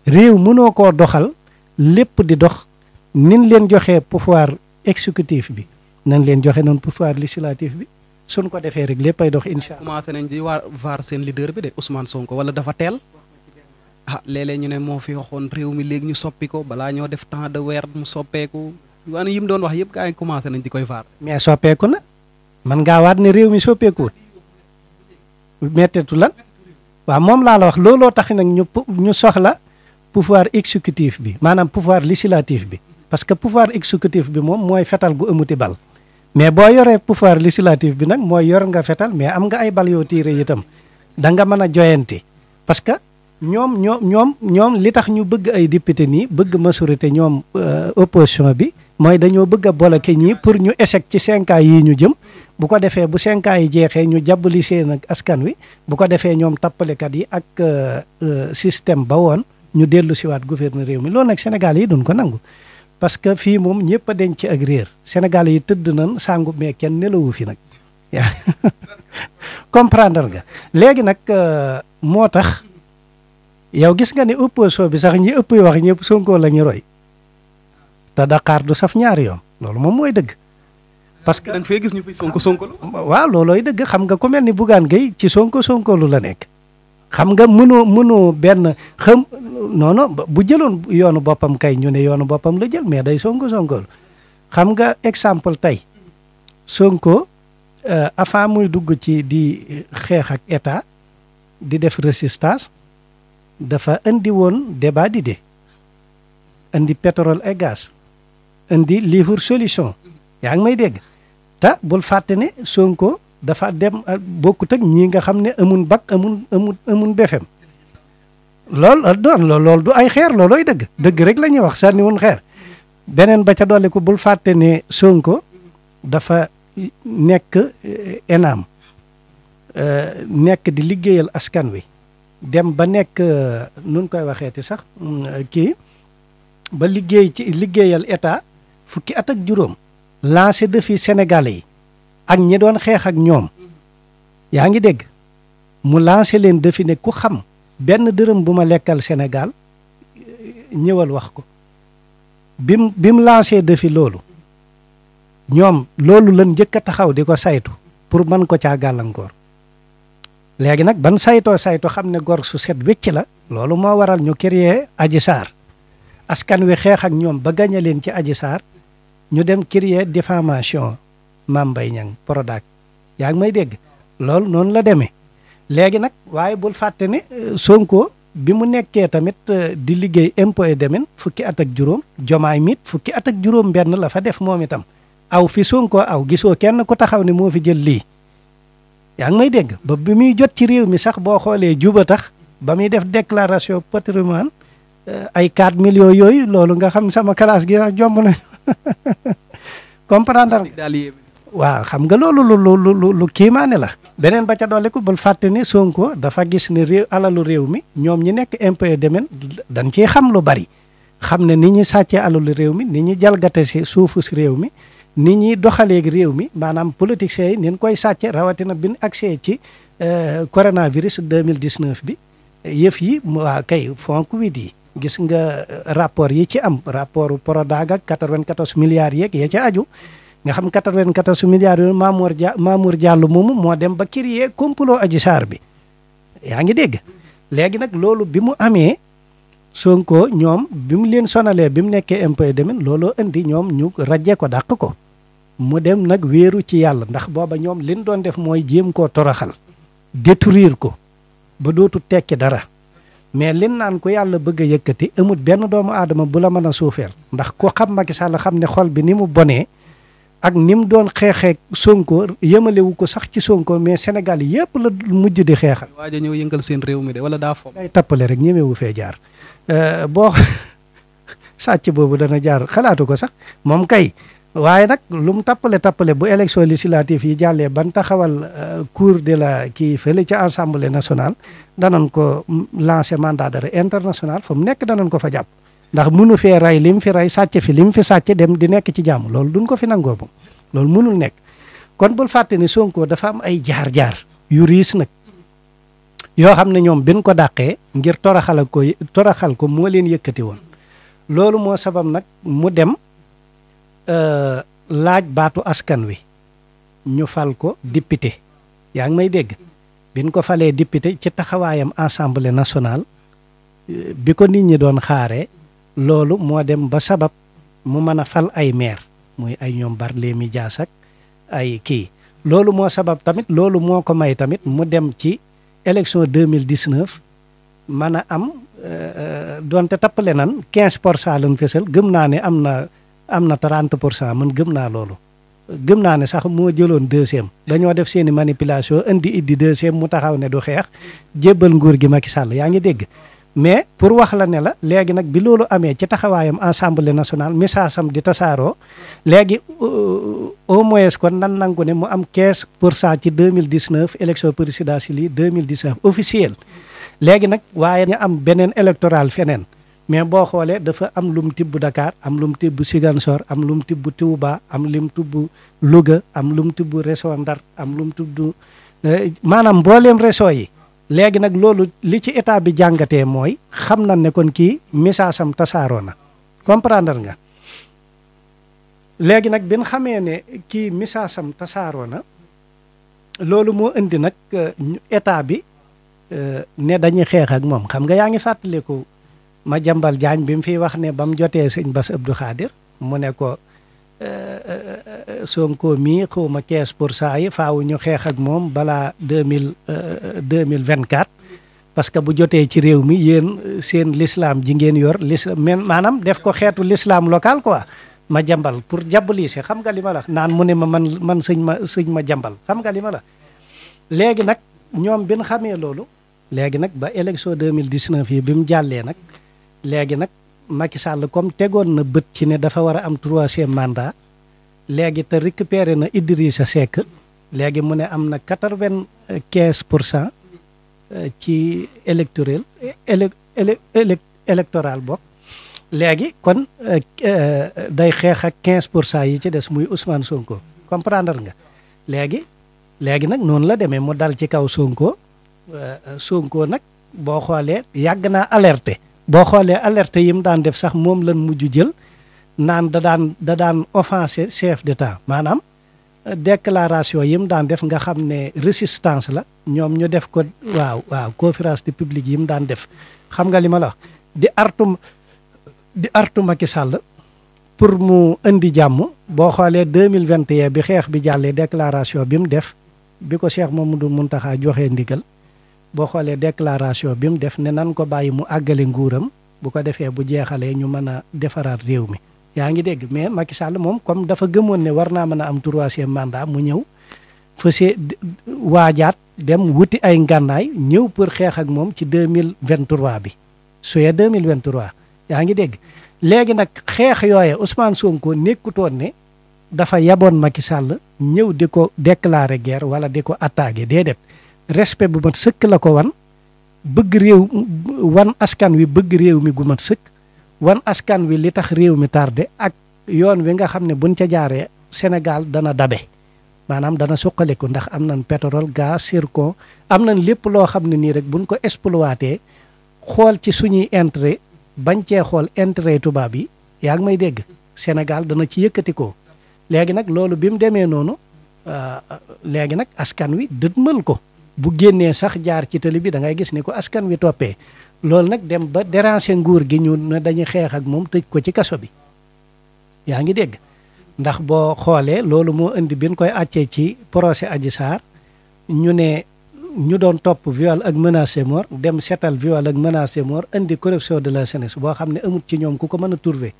réew mënoo koo doxal lépp di dox nin leen joxe pouvoir exécutif bi nan leen joxe noonu pouvoir législatif bi suñ ko defee rek léppay dox incha allah. nañ di waar vaar seen leader bi de Ousmane Sonko wala dafa teel. ah léeg ñu ne moo fi waxoon réew mi léegi ñu soppi ko balaa ñoo def temps de weer mu soppeeku waan yi mu doon wax yëpp gaa ngi commencé nañ di koy vaar. mais soppeeku na man ngaa waat ne réew mi soppeekuwul métteetu lan waaw moom laa la wax looloo tax nag ñu ñu soxla pouvoir exécutif bi maanaam pouvoir législatif bi parce que pouvoir exécutif bi moom mooy fetal gu ëmuti bal mais boo yoree pouvoir législatif bi nag mooy yor nga fetal mais am nga ay bal yoo tiire itam da nga mën a joyanti parce que ñoom ñoom ñoom ñoom li tax ñu bëgg ay député nii bëgg majorité ñoom euh, opposition bi mooy dañoo bëgg a bloqué ñii pour ñu échec ci cinq ans yii ñu jëm bu ko defee bu cinq ans yi jeexee ñu jàbbali seen nag askan wi bu ko defee ñoom tappalekat yi ak euh, euh, système ba woon ñu dellu siwaat gouverneur réew mi loolu nag Sénégal yi duñ ko nangu parce que fii moom ñëpp a denc ak réer yi tëdd nan sangu mais kenn nelawu fi nag yaa comprendre nga léegi nag euh, moo tax yow gis nga ne opposition bi sax ñi ëpp wax ñëpp Sonko la ñu roy te daqaar du saf ñaari yoon loolu moom mooy dëgg. parce que da nga fay gis ñu fi Sonko Sonko. waaw loolooy dëgg xam nga ku mel ni Bougane ci Sonko Sonko lu la nekk. xam nga mënoo mënoo benn xam non bu jëloon yoonu boppam kay ñoo ne yoonu boppam la jël mais day sonko sonko xam nga exemple tey sonko euh, avant muy dugg ci di xeex ak état di def résistance dafa indi woon débat d'idées indi pétrole et gaz indi livre solution yaa ngi may dégg te bul fàtte ne sonko dafa dem euh, bokkut ak ñii nga xam ne amun bac amun amun amun BFM lool euh, doon loolu du ay xeer loolooy dëgg dëgg rek la ñuy wax sànni woon xeer beneen ba ca dolli ko bul fàtte ne Sonko dafa nekk euh, ENAM nekk di liggéeyal askan wi dem ba nekk nun koy waxeeti sax mm, kii ba liggéey ci liggéeyal état fukki at ak juróom lancé défi Sénégalais yi ak ñi doon xeex ak ñoom yaa ngi dégg mu lancé leen defi ne ku xam benn dërëm bu ma lekkal Sénégal ñëwal wax ko bim bi mu lancé defi loolu ñoom loolu lan njëkk a taxaw di ko saytu pour mën ko caa gàllankoor léegi nag ban saytoo saytu xam ne gor su set wécc la loolu moo waral ñu créer Adji Sarr askan wi xeex ak ñoom ba gañe leen ci Adji Sarr ñu dem créer diffamation Mame Mbaye Niang Prodac yaa ngi may dégg loolu noonu la demee léegi nag waaye bul fàtte ne euh, Sonko bi mu nekkee tamit euh, di liggéey impôt et domaine fukki at ak juróom jomaay mit fukki at ak juróom benn la fa def moom itam aw fi Sonko aw gisoo kenn ku taxaw ne moo fi jël lii yaa ngi may dégg ba bi muy jot ci réew mi sax boo xoolee juba tax ba muy def déclaration patrimoine euh, ay 4 millions yooyu loolu nga xam sama classe gi sax jomb nañu comprendre waaw xam nga loolu lu lu lu lu kiimaane la beneen ba ca dolli ko bul fàtte ni Sonko dafa gis ne réew alalu réew mi ñoom ñi nekk impôt demen dañ ciy xam lu bari xam ne ni ñuy sàccee alalu réew mi ni ñuy jalgate si suufu si réew mi ni ñuy doxaleeg réew mi maanaam politiciens yi nin koy sàcce rawatina bi ñu accès ci euh, coronavirus 2019 bi yëf yi waa kay fonk wit yi gis nga rapport yi ci am rapport Prodac ak 94 milliards yeeg ya ca aju nga xam 94 milliards yooyu Mamour Dia Mamour Diallo moomu moo dem ba créer kompuloo Adji Sarr bi yaa ngi dégg léegi nag loolu bi mu amee soo ko ñoom bi mu leen sonalee bi mu nekkee impôt demin looloo indi ñoom ñu rajee ko dàq ko mu dem nag wéeru ci yàlla ndax booba ñoom leen doon def mooy jéem koo toroxal détruire ko ba dootu tekki dara mais leen naan ko yàlla bëgg a yëkkati amut benn doomu aadama bu la mën a suufeel ndax ku xam Macky Sall xam ne xol bi ni mu bonee ak ni mu doon xeexee Sonko yëmalewu ko sax ci Sonko mais Sénégal yëpp la mujj di xeexal. waaj a yëngal seen réew mi de wala daa foog. day tappale rek ñemewu fee jaar euh, boo sàcc boobu dana jaar xalaatu ko sax moom kay waaye nag lu mu tappale tappale bu élection législative yi jàllee ban taxawal euh, cour de la kii fele ca assemblée national danañ ko lancer mandat d'arrêt international fa mu nekk danañ ko fa jàpp. ndax mënu fee ray mu fi ray sàcc fi li mu fi sàcc dem di nekk ci jàmm loolu duñ ko fi nangoo moom loolu mënul nekk kon bul fàtte ni Sonko dafa am ay jaar-jaar yu riis nag yoo xam ne ñoom bin ko dàqee ngir toraxal ko toraxal ko moo leen yëkkati woon loolu moo sabab nag mu dem euh, laaj baatu askan wi ñu fal ko député yaa ngi may dégg bin ko falee député ci taxawaayam assemblée nationale euh, bi ko nit ñi doon xaaree loolu moo dem ba sabab mu mën a fal ay maire muy ay ñoom Barthélémy Dias ak ay kii loolu moo sabab tamit loolu moo ko may tamit mu dem ci élection 2019 mën a am euh, euh, donte tappale nan 15 pour cent lañ fësal gëm naa ne am na am na 30 pour cent man gëm naa loolu gëm naa ne sax moo jëloon deuxième dañoo def seeni manipulation indi iddi deuxième mu taxaw ne du xeex jébbal nguur gi Macky Sall yaa ngi dégg mais pour wax la ne la léegi nag bi loolu amee ci taxawaayam assemblée national message sam di tasaaroo léegi euh, au moins kon nan nangu ne mu am 15 pour cent ci deux 2019 élection présidentielle yi 2019 officielle léegi nag waaye ñu am beneen électoral feneen mais boo xoolee dafa am lum tibb Dakar am lum tibb Ziguinchor am lum tibb Touba am lum tibb Louga am lum tibb région Ndar am lum tibb euh, maanaam mbooleem région yi léegi nag loolu li ci état bi jàngatee mooy xam na ne kon kii message am tasaaroo na comprendre nga léegi nag bin xamee ne kii message am tasaaroo na loolu moo indi nag euh, état bi euh, ne dañuy xeex ak moom xam nga yaa ngi fàttaliku ma jambal jaañ bi fi wax ne ba mu jotee sëñ Bass Abdou Khadir mu ne ko Sonko mii xawma 15 pour cent yi faaw ñu xeex ak moom balaa deux mille euh, deux mille vingt quatre parce que bu jotee ci réew mi yéen seen lislaam ji ngeen yor l'islam maanaam def ko xeetu lislaam local quoi ma jambal pour jàppalise xam nga li la naan mu ne ma man man sëñ ma sëñ ma jambal xam nga li la léegi nag ñoom bi ñu xamee loolu léegi nag ba élection 2019 yi bi mu jàllee nag léegi nag Macky Sall comme tegoon na bët ci ne dafa war a am troisième mandat léegi te récupéré na sa Seck léegi mu ne am na quatre-vingt-quinze pour cent euh, ci électoral élec électoral bokk léegi kon euh, euh, day xeex ak quinze pour cent yi ci des muy Ousmane Sonko comprendre nga léegi léegi nag noonu la demee mu dal ci kaw Sonko Sonko nag boo xoolee yàgg naa alerté boo xoolee alerte yim daan def sax moom lan mujj jël naan da daan da daan offensé chef d'état maanaam euh, déclaration yi daan def nga xam ne résistance la ñoom ñu def ko waaw waaw conférence de publique yi mu daan def xam nga li ma la di artu di artu Macky Sall pour mu indi jàmm boo xoolee 2021 bi xeex bi jàllee déclaration bi mu def bi ko Cheikh Mamadou Mountakha joxe ndigal boo xoolee déclaration bi mu def ne nan ko bàyyi mu àggale nguuram bu ko defee bu jeexalee ñu mën a defaraat réew mi yaa ngi dégg mais Macky Sall moom comme dafa gëmoon ne war naa mën a am troisième mandat mu ñëw fase waajaat dem wuti ay ngànnaay ñëw pour xeex ak moom ci vingt 2023 bi suyee 2023 yaa ngi dégg léegi nag xeex yooye Ousmane Sonko nekkutoon ne dafa yaboon Macky Sall ñëw di ko déclarer ger wala di ko dee dem respect bu mat sëkk la ko wan bëgg réew wan askan wi bëgg réew mi gu mat sëkk wan askan wi li tax réew mi tardé ak yoon wi nga xam ne buñ ca jaaree Sénégal dana dabe maanaam dana suqaliku ndax am nañ pétrole gaz zircon am nañ lépp loo xam ne nii rek buñ ko exploité xool ci suñuy intérêt bañ cee xool intérêt tubaab yi yaa ngi may dégg Sénégal dana ci yëkkatikoo léegi nag loolu bi mu demee noonu euh, léegi nag askan wi dëdmal ko bu génnee sax jaar ci tali bi da ngay gis ni ko askan wi toppee loolu nag dem ba déranger nguur gi ñu ne dañuy xeex ak moom tëj ko ci kaso bi yaa ngi dégg ndax boo xoolee loolu moo indi bi koy àccee ci procès Adji Sarr ñu ne ñu doon topp viol ak menace de dem seetal viol ak menace de indi corruption de la jeunesse boo xam ne amut ci ñoom ku ko mën a trouver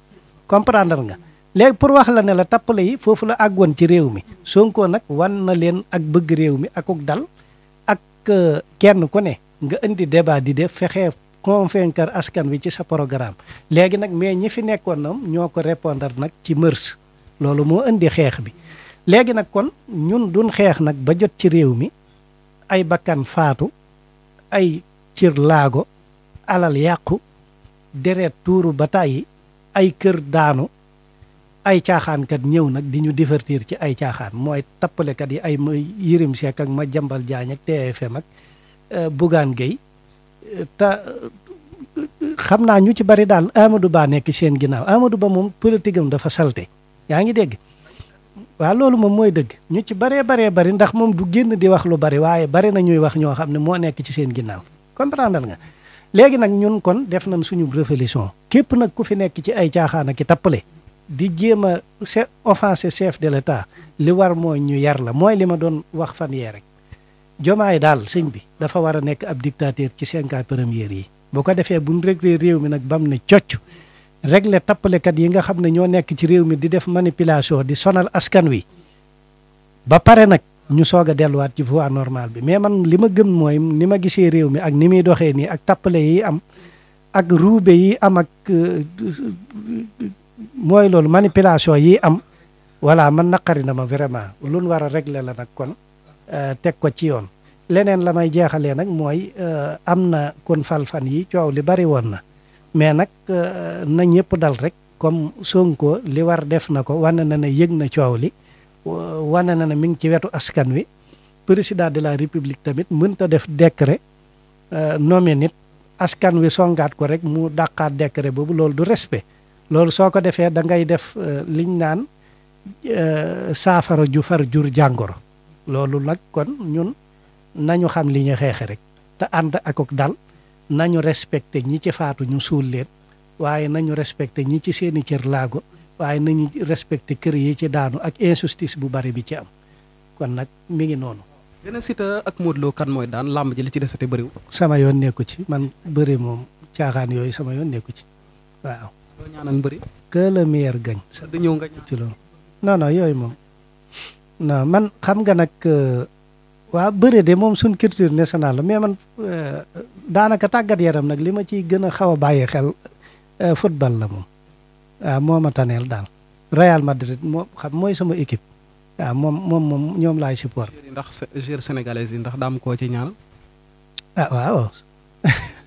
comprendre nga léegi pour wax la ne la tappale yi foofu la àggoon ci réew mi Sonko nag wan na leen ak bëgg réew mi akuk dal kenn ku ne nga indi débat di def fexe convaincre askan wi ci sa programme léegi nag mais ñi fi nekkoon nam ñoo ko répondre nag ci mërs loolu moo indi xeex bi léegi nag kon ñun dun xeex nag ba jot ci réew mi ay bakkan faatu ay cir laago alal yàqu deret tuuru ba tàyyi ay kër daanu ay caaxaankat ñëw nag di ñu divertir ci ay caaxaan mooy tappalekat yi ay ma Yirim Seck ak ma jambal Jaañ te TFM ak euh, Bougane Gueye te xam naa ñu ci bari daal amadu Ba nekk seen ginnaaw amadu Ba moom politique am dafa salte yaa ngi dégg waaw loolu moom mooy dëgg ñu ci baree baree bari ndax moom du génn di wax lu bari waaye bari na ñuy wax ñoo xam ne moo nekk ci seen ginnaaw comprendre nga léegi nag ñun kon def nañ suñu révolution képp nag ku fi nekk ci ay caaxaan ak i tappale di jéem a offensé chef de l'État li war mooy ñu yar la mooy li ma doon wax fan yee rek yi daal sëñ bi dafa war a nekk ab dictateur ci cinquante premières yi bu ko defee bu buñ réglé réew mi nag bam ne cocc réglé tappalekat yi nga xam ne ñoo nekk ci réew mi di def manipulation di sonal askan wi ba pare nag ñu soog a delluwaat ci voie normale bi mais man li ma gën mooy ni ma gisee réew mi ak ni muy doxee nii ak tappale yi am ak ruube yi am ak euh, mooy loolu manipulation yii am voilà man naqari na ma vraiment lu nu war a régler la nag kon euh, teg ko ci yoon leneen la may jeexalee nag mooy euh, am na kon fal fan yi coow li bari woon na mais nag euh, na ñëpp dal rek comme ko li war def na ko wane na ne yëg na coow li wane na ne mi ngi ci wetu askan wi président de la république tamit mënta def décret nommé nit askan wi songaat ko rek mu dàqaat décret boobu loolu du respe loolu soo ko defee da ngay def euh, liñ naan euh, saafara ju far jur jàngoro loolu nag kon ñun nañu xam li ñu xeexe rek te ànd akok dal nañu respecté ñi ci faatu ñu suul leen waaye nañu respecté ñi ci seeni cër laago waaye nañu respecté kër yi ci daanu ak injustice bu bari bi ci am kon nag mi ngi noonu. gën a ak Modou Lo kan mooy daan làmb ji la ci desate bëriwul. sama yoon nekku ci man bëri moom caaxaan yooyu sama yoon nekku ci waaw. doo ñaanal mbëri. que le meilleur gagne. du ñëw nga ci loolu. non non yooyu moom non man xam nga nag euh, waa bëre de moom suñ culture nationale la mais man euh, daanaka tàggat yaram nag li ma ciy gën a xaw a bàyyi xel euh, football la moom waaw moo ma taneel daal. Real Madrid moo xam mooy sama équipe. waaw moom moom moom ñoom laay support. ndax sénégalais yi ndax daam koo ci ñaanal. ah waaw.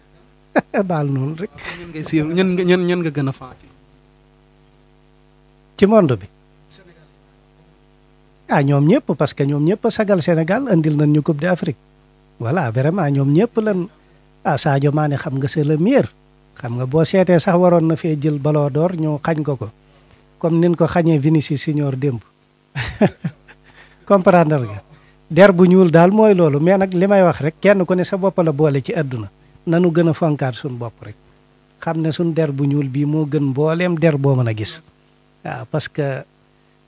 baal noonu rek. ñan ngay suivre ñan nga ñan nga a fan ci monde bi. ah ñoom ñëpp parce que ñoom ñëpp sagal Sénégal andil nañ ñu Coupe d'Afrique voilà vraiment ñoom ñëpp lan ah Sadio Mané xam nga c'est le meilleur xam nga boo seetee sax waroon na fee jël baloo door ñu xañ ko ko comme nin ko xañee Vinicius siñoor démb comprendre nga der bu ñuul daal mooy loolu mais nag li may wax rek kenn ku ne sa bopp la boole ci àdduna nanu gën a fonkaat suñu bopp rek xam ne suñ der bu ñuul bii moo gën mbooleem der boo mën a gis waaw parce que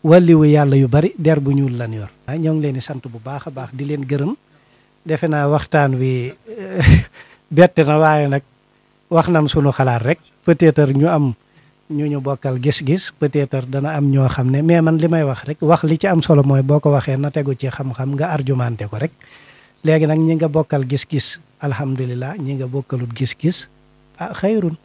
wàlliwu yàlla yu bari der bu ñuul lan yor ah ñoo ngi leen di sant bu baax a baax di leen gërëm defe naa waxtaan wi bett na waaye nag wax nan sunu xalaat rek peut-être ñu am ñu ñu bokkal gis-gis peut-être dana am ñoo xam ne mais man li may wax rek wax li ci am solo mooy boo ko waxee na tegu ci xam-xam nga arjumante ko rek léegi nag ñi nga bokkal gis-gis alhamdulilah ñi nga bokkalut gis-gis ah xayrun